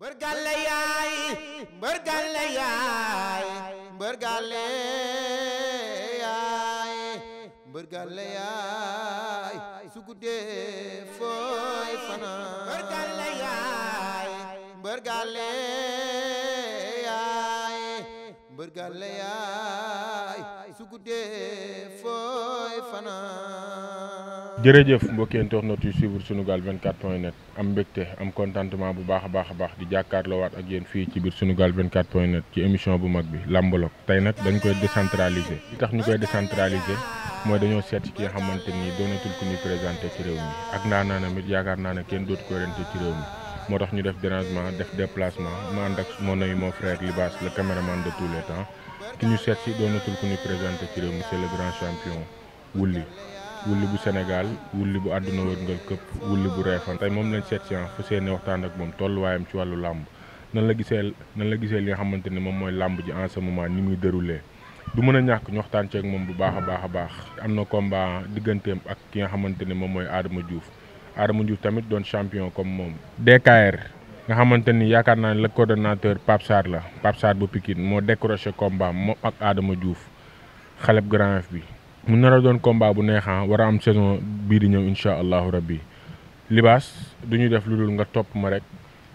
mbër gàlle yaay mbër gàlle yaay mbër gàlle yaay mbër gàlle fooy fanaan mbër gàlle yaay mbër gàlle yaay mbër gàlle yaay jërëjëf mbokki internet yu suivre Sunugal 24 point net am mbégte am contentement bu baax a baax a baax di jàkkaarloowaat ak yéen fii ci biir Sunugal 24 point net ci émission bu mag bi Lambalog tey nag dañ koy décentraliser li tax ñu koy décentraliser mooy dañoo seet ci ki nga xamante ni doonatul ku ñuy présenté ci réew mi ak ndaanaanam it yaakaar naa ne kenn dootu ko rente ci réew mi moo tax ñu def dérangement def déplacement ma ànd ak mon ami mon frère Libaas le caméraman de tous les seet si présenté ci réew mi c'est le grand champion Wouly wulli bu Sénégal wulli bu àdduna wërngal këpp wulli bu reefan tey moom lañ seet si fu seeni waxtaan ak moom tolluwaayam ci wàllu làmb nan la giseel nan la gisee li nga xamante ne moom mooy làmb ji en ce moment ni muy déroulé du mën a ñàkk ñu waxtaan ceeg moom bu baax a baax a baax am na combat digganteem ak ki nga xamante ne moom mooy Adama Diouf Adama Diouf tamit doon champion comme moom DKR nga xamante ni yaakaar naa ne le coordonnateur Pape la Pape Sarr bu moo décroché combat moom ak Adama Diouf xaleb grand bi mu nar a doon combat bu neexan ah, war am saison bii di ñëw incha allahu rabbi libaas du ñu def lu dul nga topp ma rek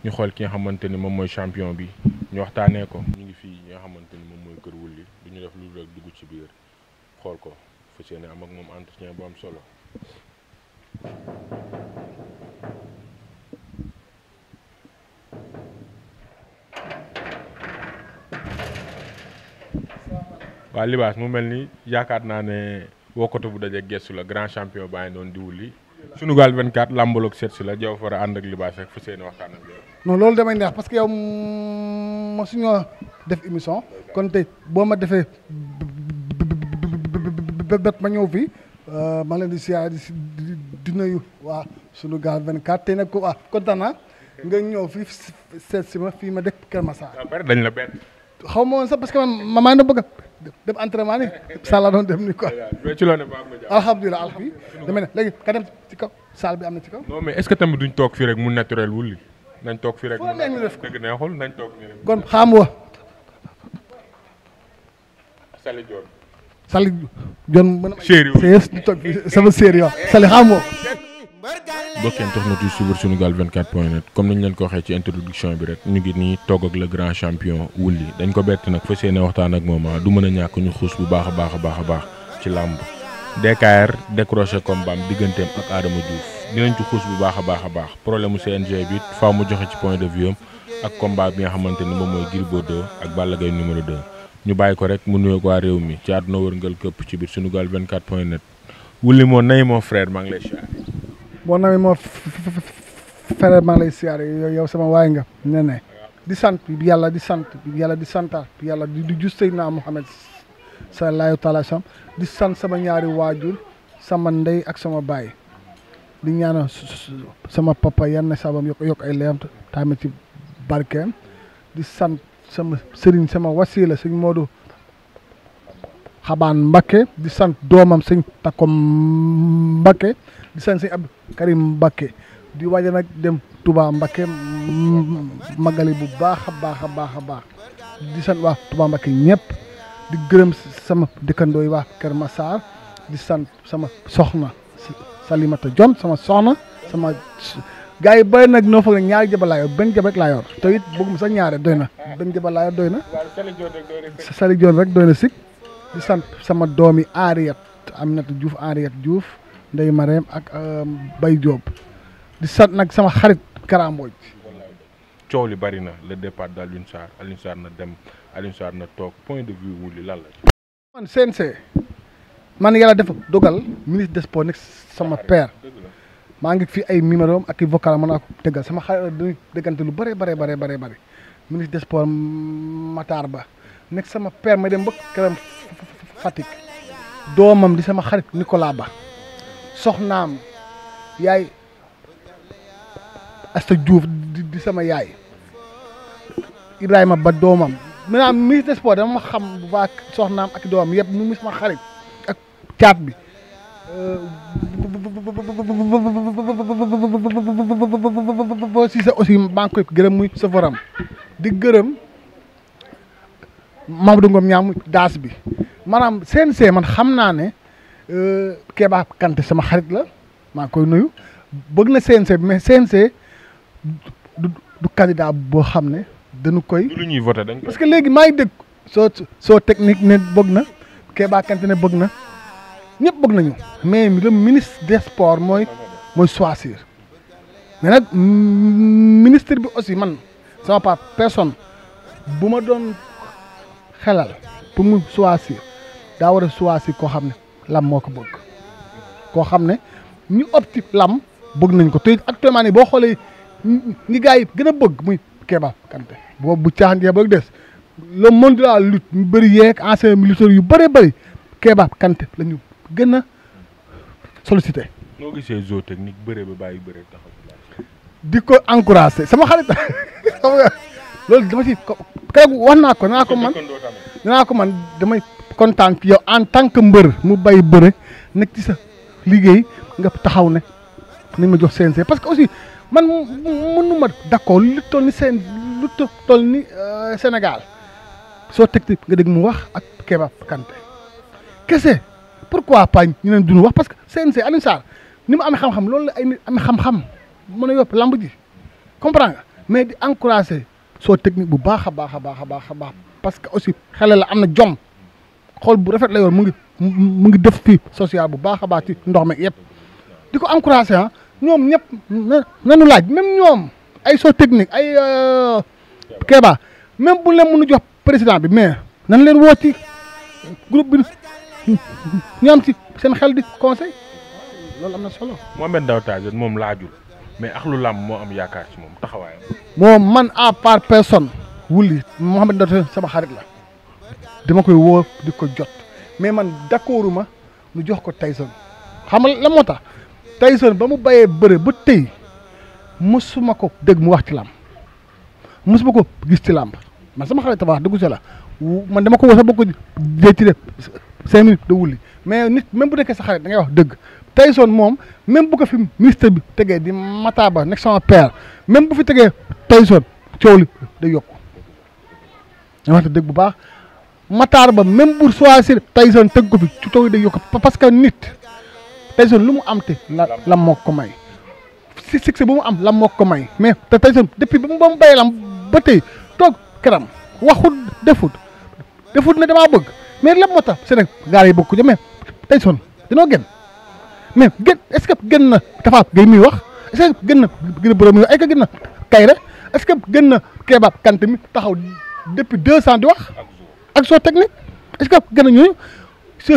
ñu xool ki nga xamante ni moom mooy champion bi ñu waxtaanee ko. ñu ngi fii nga xamante ni moom mooy kër wulli du ñu def lu dugg ci biir xool ko fas yéene am ak moom entretien bu am solo. waaw libaas mu mel ni yaakaar naa ne wokkatu bu dajee gestu la grand champion baa ngi doon di wuli Sunugal 24 làmbaloog seet si la jaw fara ànd ak libaas rek fu seen waxtaan ak yow non loolu damay neex parce que yow ma def émission kon tey boo ma defee bet ma ñëw fii euh, ma leen di siyaar di di nuyu waa Sunugal 24 nag ko waa kontaan naa nga ñëw fi seet si ma fii ma dëkk Kër Massar dañ la xaw ma woon sax parce que man maa ngi bëgg dem entraînement ni salla dem ni quoi. alhamdulilah alhamdulilah dama léegi ka dem ci kaw salle bi am na ci kaw. non mais est-ce que tamit duñ toog fii rek mu naturel wul li toog fii rek mu dëgg neexul nañ toog fii rek. kon xaamu wa. Sali Dior. Sali Dior mën na. chéri wu sama chéri waaw Sali xaamu wa. mbokk internet yu suivre Sunugal 24 point net comme ni ñu leen ko waxee ci introduction bi rek ñu ngi nii togg ak le grand champion Wouly dañ ko bett nag fas yéene waxtaan ak moom ah, du mën a ñàkk ñu xuus bu baax a baax a baax a baax ci làmb DKR décroché combat digganteem ak Adama Diouf dinañ ci xuus bu baax a baax a baax problème mu CNG bi faaw mu joxe ci point de vue am ak combat bi nga xamante ne moom mooy Gris Bordeaux ak Balla Gaye numéro 2 ñu bàyyi ko rek mu nuyoog waa réew mi ci àdduna wërngal këpp ci biir Sunugal 24 point net Wouly maa ngi lay bon na mi moo fere maa lay yow sama waay nga ne di sant yàlla di sant yàlla di santaat yàlla di ju Seydina Muhammad sallallahu taala sallam di sant sama ñaari waajur sama ndey ak sama baay di ñaanal sama papa yan na sabam yokk yokk ay leeram tamit ci barkeem di sant sama sëriñ sama wasila sëñ Moodu xabaan Mbakke di sant doomam sëñ Takko Mbakke di sant sëñ Abdou Karim Mbakke di waaj nag dem tubaa Mbakke magali bu baax a baax a baax a baax di sant waa Touba Mbakke ñëpp di gërëm sama dëkkandoo yi waa ma Massar di sant sama soxna Salimata Jon sama soxna sama gars yi bëri nag noo foog ne ñaari jabar laa yor benn jabar rek laa te it bëggum sax ñaare doy na benn jabar laa yor doy na Sali Jon rek doy na sik di sant sama doomi Henriette Aminata Diouf Henriette Diouf Ndeye Marème ak euh, Baye Diop di sant nag sama xarit Karaambooj coow li bari na le départ d' Alioune na dem Alioune na toog point de vue wuli lan la. man CNG man yàlla dafa dogal ministre des sports nekk sama père maa ngi fi ay numéro ak i vocal ko dëggal sama xarit dañuy dëggante lu bëree bare bare bare bëri ministre des sports Matar Ba nekk sama père ma dem ba këram Fatick doomam di sama xarit Nicolas Ba. soxnaam yaay Asta Diouf di sama yaay Ibrahima ba doomam maanaam ministre des sports dama xam bu baax soxnaam ak doomam yëpp mu sama xarit ak caat bi ba si sa aussi maa ngi gërëm muy safaram di gërëm Mamadou Ngom ñaamu daas bi maanaam CNC man xam naa ne Euh, Kéba Kanté sama xarit la maa ngi koy nuyu bëgg na CNC mais CNC du du candidat boo xam ne dañu koy. du lu voté dañ parce que léegi maa ngi dégg soo soo technique ne bëgg na Kéba Kanté ne bëgg na ñëpp bëgg nañu mais le ministre des sports mooy mooy choisir mais nag ministre bi aussi man sama part personne bu ma doon xelal pour mu choisir daa war a choisir koo xam ne. lam moo ko bëgg koo xam ne ñu ëpp ci lam bëgg nañ ko te actuellement nii boo xoolee ñi gars yi gën a bëgg muy Keba Kanté boobu bu caaxaan jee ba des le monde de la mu ñu bëri yeeg ancien militaire yu bëree bëri Keba Kanté la ñu gën a sollicité. noo gisee zoo technique bëree ba bàyyi bëree taxaw. di ko encouragé sama xarit xam loolu dama ci keroog wax naa ko naa ko man dinaa ko man damay kontaan ci yow en tant que mbër mu bay bëre nekk ci sax liggéey nga taxaw ne nañ ma jox CNG parce que aussi man mënu ma d'accord lu toll ni seen lu toll ni euh, Sénégal soo teg nga dégg mu wax ak Keba Kanté kese pourquoi pas ñu leen duñu wax parce que CNG Alioune Sarr ni mu amee xam-xam loolu la ay nit amee xam-xam mën a yopp lamb ji comprends mais di encourager soo technique bu baax a baax a baax a baax a baax parce que aussi xale la am na jom xool bu rafet la yoon mu ngi mu ngi def fii social bu baax a baax ndox mi yëpp di ko encouragé ah ñoom ñëpp nanu laaj même ñoom ay soo technique ay euh, Kéba même bu leen mënu jox président bi mais nan leen woo ci groupe bi ñu am seen xel di conseil loolu am na solo. Mohamed Ndao Tyson moom laajul. mais axlu làmb moo am yaakaar ci moom taxawaayam. moom man à part personne wuli Mouhamed Ndao sama xarit la dama koy woo di ko jot mais man d'accordu ma nu jox ko Tyson xam nga la moo tax Tyson ba mu bàyyee bëre ba tey mosuma ko dégg mu wax ci làmb mosuma ko gis ci làmb man sama xarit wax dëggu si la man dama ko woo sax ba ko jëcc de cinq minutes de wuli mais nit même bu nekkee sa xarit dangay wax dëgg Tyson moom même bu ko fi ministre bi tegee di Mataba nekk sama père même bu fi tegee Tyson coow li yokku dama wax dëgg bu baax Matar ba même bu choisir Tyson teg ko fi ci coow li yokku parce que nit Tyson lu mu am te la la moo ko may si succès bu mu am la moo ko may mais te Tyson depuis ba mu ba mu béyee lam ba tey toog këram waxut defut defut ne damaa bëgg mais lan moo tax Sénégal yi bëgg ko jëmee Tyson dinoo gën. mais gën est ce que gën na Tafa Gueye muy wax est ce que gën na gën borom muy ay est ce que na Kayre est ce que gën na Kéba Kanté mi taxaw depuis deux cent di wax. ak soo technique est ce gën na ñooñu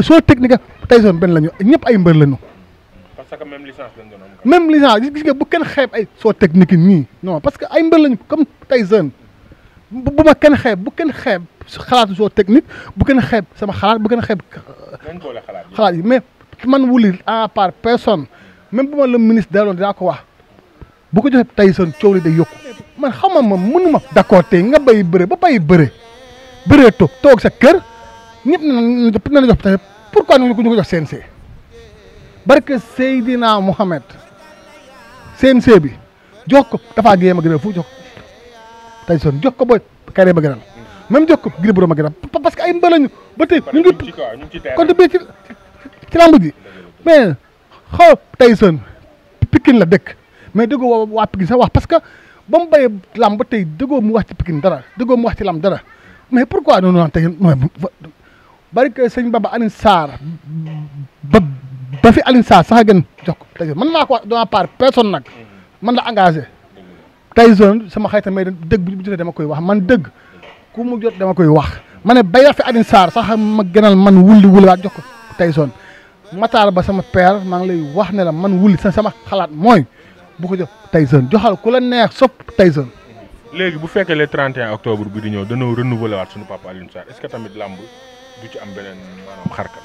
soo technique tey zone benn la ñu ñëpp ay mbër la ñu. parce que même licence même licence gis nga bu kenn xeeb ay soo technique yi nii parce que ay mbër lañu comme tey zone bu ma kenn xeeb bu kenn xeeb xalaatu soo technique bu kenn xeeb sama xalaat bu kenn xeeb. xalaat yi mais. man Wouly à part personne même bu ma la ministre daloon dinaa ko wax bu ko joxee Tyson coow li day yokku man xam ma ma mënu ma d'accord tey nga bay bëre ba bay bëre bëree toog toog sa kër ñëpp na la jox tamit pourquoi ñu ko ñu ko jox CNG barke Seydina Mohamed CNG bi jox ko dafaa géyee ma gënal fu jox Tyson jox ko booy karee ma gënal même jox ko Gris Bordeaux ma gënal parce que ay mbalañu ba tey ñu ngi kon te ci lamb ji mais xaw Tyson Pikine la dëkk mais déggoo waa Pikine sax wax parce que ba mu béyee lamb ba tey déggoo mu wax ci Pikine dara déggoo mu wax ci lamb dara mais pourquoi noonu naan tey bari que sëñ Bamba Alioune Sarr ba ba fi Alioune Sarr sax a gën jox ko Tyson man maa ko wax dama part personne nag man la engagé Tyson sama xayta may dëgg bu jotee dama koy wax man dëgg ku mu jot dama koy wax ma ne béyat fi Alioune Sarr sax ma gënal man wulli wulli waat jox ko Tyson Matar ba sama père maa ngi lay wax ne la man wulli sa sama xalaat mooy bu ko jox Tyson joxal ku la neex sopp Tyson. léegi bu fekkee le 31 octobre bi di ñëw danoo renouveler waat suñu papa Alioune Sarr est-ce que tamit làmb du am beneen maanaam xarka.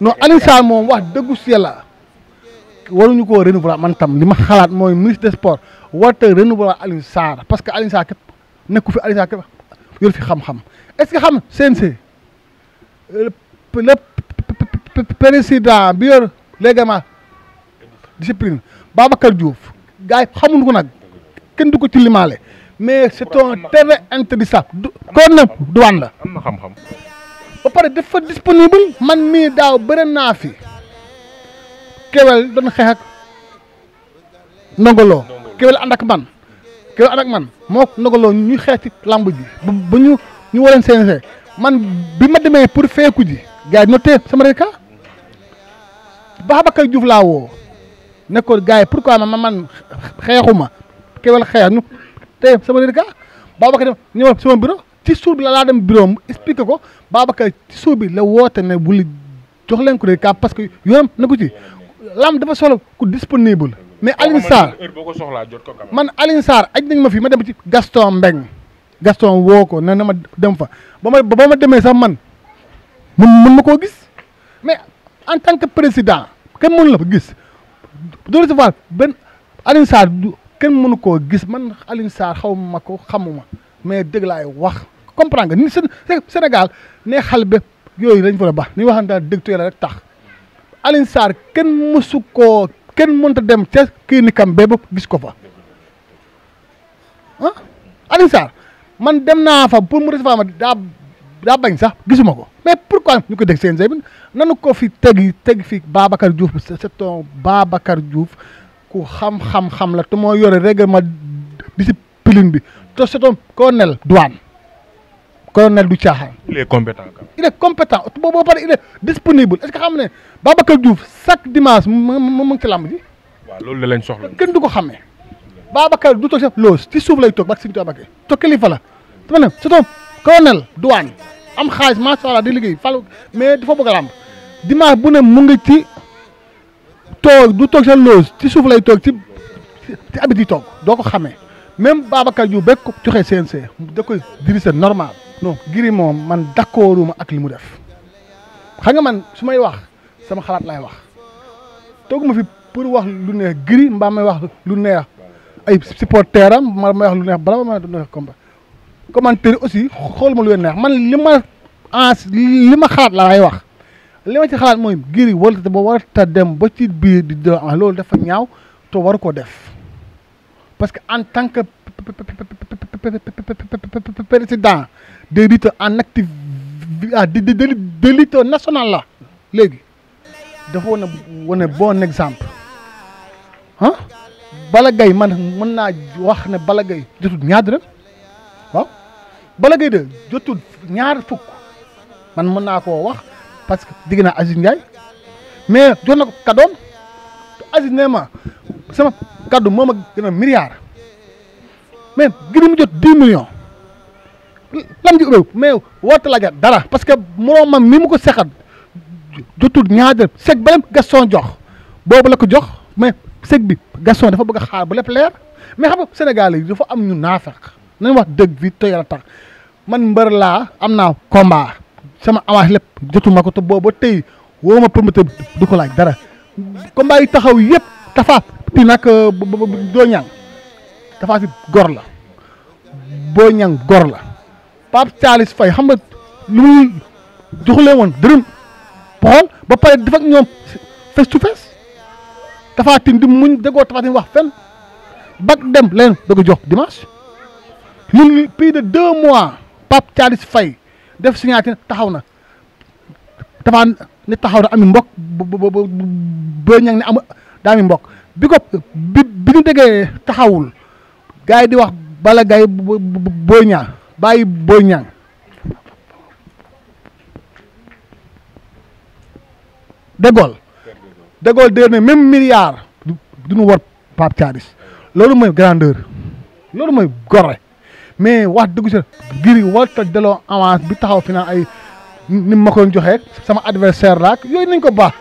non Alioune moom wax dëggu si yàlla waruñu koo renouveler man tam li ma xalaat mooy ministre des sports warut a renouveler Alioune Sarr parce que Alioune Sarr nekku fi Alioune Sarr képp yor fi xam-xam est-ce que xam CNG lépp. président bi yor légalement discipline Babacar Diouf gars yi xamuñu ko nag kenn du ko ci limaale mais c'est un terrain interdisable du kon nag duwaan la. am na xam pare dafa disponible man mii daaw bëri naa fi kewel doon xeex ak kewel ànd man kewel ànd ak man moo ndongoloo ñu xeex ci lamb ji ba ñu ñu waroon seen man bi ma demee pour feeku ji gars yi ñoo tee Babacar Diouf laa woo ne ko gars yi ma man man xeexuma kewel xeex ñu tey sama délicat Babacar ñëwal sama bureau ci suur la laa dem bureau am expliqué ko Babacar ci suur bi la woote ne bul jox leen ko délicat parce que yoonam na ko ci lam dafa solo ku disponible. mais Alioune Sarr man Alioune Sarr aj nañ ma fi ma dem ci Gaston Mbeng Gaston woo ko ne na ma dem fa ba ma ba ma demee sax man mun mun ma koo gis mais. en tant que président kenn mënu la ko gis du recevoir benn Alioune Sarr kenn mënu koo gis man Alioune Sarr xaw ma ko ma mais dëgg laay wax comprendre nga ni Sénégal ne xal ba yooyu dañ fa la baax ni ñu waxante dëgg tu yàlla rek tax Alioune Sarr kenn mësu koo kenn mënta dem ca kii kam ba gis ko fa ah man dem naa fa pour mu recevoir ma daa bañ sax gisuma ko mais pourquoi ñu ko dégg CNG bi nanu ko fi teg teg fi Babacar Diouf c'est-à-dire Babacar Diouf ku xam-xam-xam la te moo yore règlement ma bi te bi to colonel ko colonel duwaan caaxaan. il est compétent il est compétent boo boo pare il est disponible est-ce que xam ne Babacar Diouf chaque dimanche mu mu mu ngi ci làmb ji. waaw loolu la lañ soxla. kenn du ko xamee. Babacar du toog sa loos ci suuf lay toog ba ak suñu toog a kii te kilifa la. colonel douane am xaalis macha allah di liggéey fal mais dafa bëgg a làmb dimanche bu ne mu ngi ci toog du toog sa loose ci suuf lay toog ci ci yi toog doo ko xamee même Babacar Diouf beeg ko joxe CNC da koy diriger normal. non giri moom man dakooruma ak li mu def xam nga man su may wax sama xalaat lay wax tooguma fi pour wax lu neex giri mbaa may wax lu neex ay supporteram ma may wax lu neex bala ma neex combat commentaire aussi xool ma lu leen neex man li ma ans li ma xalaat la lay wax li ma ci xalaat mooy Gris warta ba warta dem ba ci biir di de ah loolu dafa ñaaw te war ko def parce que en tant que président des lutteurs en actif ah di di de lutteur national la léegi dafa wane wane bon exemple ah man mën naa wax ne Balla Gaye jotut ñaar Balla Gaye 2 jotul ñaar fukk man mën naa koo wax parce que digg Aziz Ndiaye mais jox na ko kaddoom te Aziz ne ma sama kaddu moom a gën a milliard mais gënu mu jot 10 millions lam ji ubbeeku mais woote la ja dara parce que moroomam mi mu ko sexat jotul ñaar dërëm seg Gaston jox boobu la ko jox mais seg bi Gaston dafa bëgg a xaar ba lépp leer mais xam nga Sénégal yi dafa am ñu naafeq nañ wax dëgg bi te yàlla tax man mbër laa am na combat sama avance lépp jotuma ko te booba tey woo ma promoteur du ko laaj dara combat yi taxaw yëpp tafaat ti euh, nag doo ñang tafaati gor la boo ñang gor la Pape Thialis Faye xam nga lu joxulee woon dërëm poxol ba pare def ñoom face to face tafaatin di muñ dëggoo tafaatin wax fenn bag dem leen da jox dimanche ñun plus de deux mois Pape Thialis Faye def signature taxaw na dafa ne taxaw na ami mbokk ba ñang ne am bi ko bi bi ñu taxawul gars yi di wax bala gay booy ñaa bàyyi booy ñaa dégool dégool déer ne même milliard duñu war Pape Thialis loolu mooy grandeur loolu mooy gore mais wax dëgg sa Gris warta delloo avance bi taxaw fi naan ay ni ma ko joxee sama adversaire laak yooyu nañ ko baax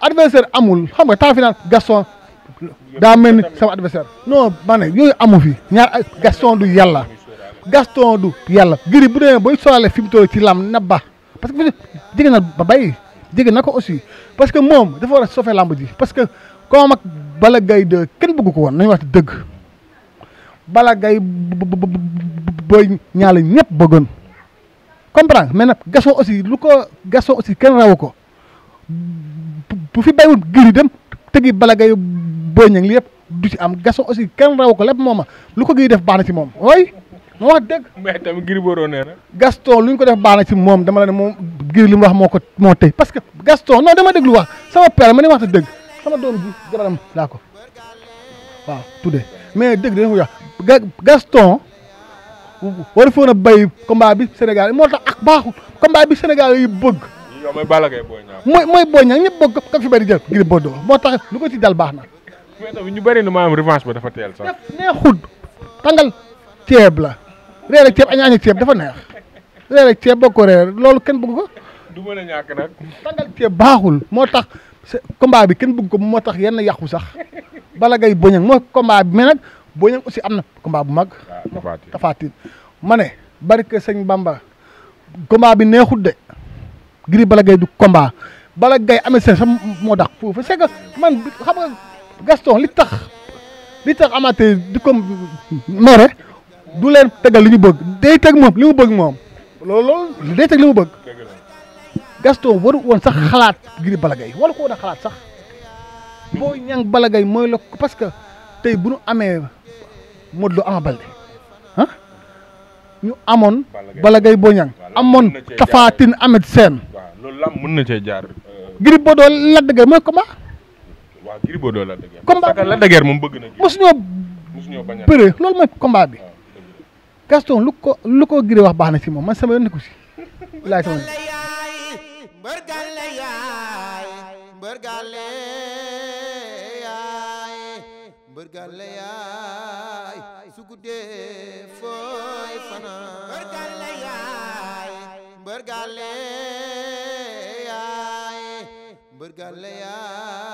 adversaire amul xam nga taxaw fi Gaston daa mel ni sama adversaire noo ma yooyu amu fi ñaar Gaston du yàlla Gaston du yàlla Gris bu demee booy solale fi mu toll ci lam na ba parce que jege na ba bay jege na ko aussi parce que moom dafa war a ji parce que comme ak Balla Gaye de kenn bëgg ko woon nañu wax dëgg bala Balla Gaye Boy Niang la ñëpp bëggoon comprendre mais nag Gaston aussi lu ko Gaston aussi kenn rawu ko bu fi béywul giri dem tëggi bala gay Boy Niang li du ci am Gaston aussi kenn rawu ko lépp mooma lu ko giri def baax na ci moom ooy ma wax dëgg mais tamit giri booroo nee na Gaston lu ñu ko def baax na ci moom dama la ne moom giri li mu wax moo ko moo tey parce que Gaston non dama déglu wax sama père ma wax te dëgg sama doom bi jabaram laa ko waaw tuddee mais dëgg Gaston war foon a béy combat bi Sénégal moo tax ak baaxul bi Sénégal yi bëgg. mooy Balla Gaye Boy Niang. mooy mooy Boy Niang ñëpp bëgg ko fi moo tax ko ci dal baax na. mais tamit ñu bëri na ma am revanche ba dafa teel sax. neexul tàngal ceeb la reer ak ceeb añ añ ak dafa neex reer ak boo ko kenn bëgg ko. du mën a ñàkk baaxul moo tax combat bi kenn bugg ko moo tax yenn yàqu sax Balla Gaye Boy Niang mooy combat bi nag. Boy Niang aussi am na combat bu mag. waaw ah, Tafatine ma ne barke sëñ Bamba combat bi neexut de Gris bala gay du combat bala gay ame seen sam moo tax foofu c'est que man xam Gaston li tax li tax amateur di ko du leen tegal li ñu bëgg day teg moom li mu bëgg moom loolu day teg li bëgg Gaston waru woon sax xalaat Gris Balla Gaye wala ko woon a xalaat sax Boy Niang Balla Gaye mooy la parce que tey bu nu amee. Modou Lo Ama Baldé ah ñu amoon. Balla Gaye Boy Niang amoon Tapha Tine Ahmed Sène. waaw loolu lam mën na cee jaar. Euh, Gris Bordeaux Lac de Guiers mooy combat. waaw Gris Bordeaux Lac de bëgg na. mosuñoo. a bëre loolu mooy combat bi. Gaston lu ko lu wax baax na si moom man sama yoon si. laay sama yaay. wal ya